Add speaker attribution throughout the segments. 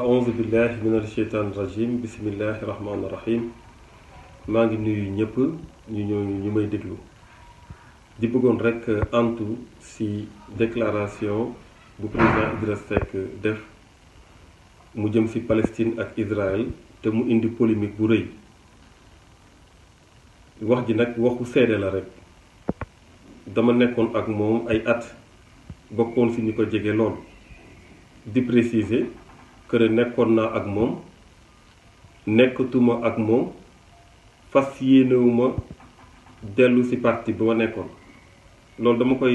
Speaker 1: auzu billahi minal sheytaani rajim bismillahi rahmaani rahim maa ngi nuyu ñëpp ñu ñëw ñu may déglu di bëggoon rek antu si déclaration bu président Idriss Seck def mu jëm ci Palestine ak Israël te mu indi polémique bu rëy wax ji nag waxu seede la rek dama nekkoon ak moom ay at bokkoon ci ñu ko jege lool di préciser que ne nekkoon naa ak moom nekkatuma ak moom fas yéenewuma dellu ci parti ba ma nekkoon loolu dama koy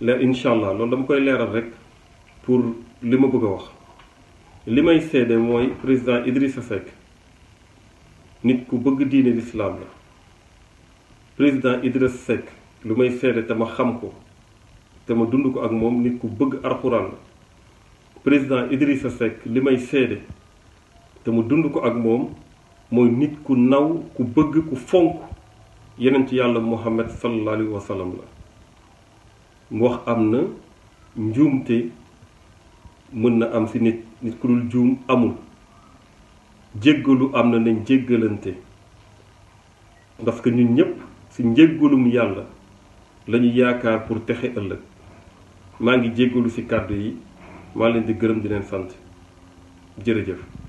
Speaker 1: leer incha allah loolu dama koy leeral rek pour li ma bëgg a wax li may seede mooy président Idrissa Seck nit ku bëgg diine lislaam la président Idrissa Seck lu may seede te ma xam ko te ma dund ko ak moom nit ku bëgg alxuraan la président Idrissa Seck li may seede te mu dund ko ak moom mooy nit ku naw ku bëgg ku fonk yeneen ci yàlla Muhammad sallallahu alayhi wa sallam la mu wax am na njuumte mën na am ci nit nit ku dul juum amul jéggalu am na nañ jéggalante parce que ñun ñépp ci njéggalum yàlla lañu yaakaar pour texe ëllëg maa ngi jéggalu ci kàddu yi maa leen di gërëm di leen sant jërëjëf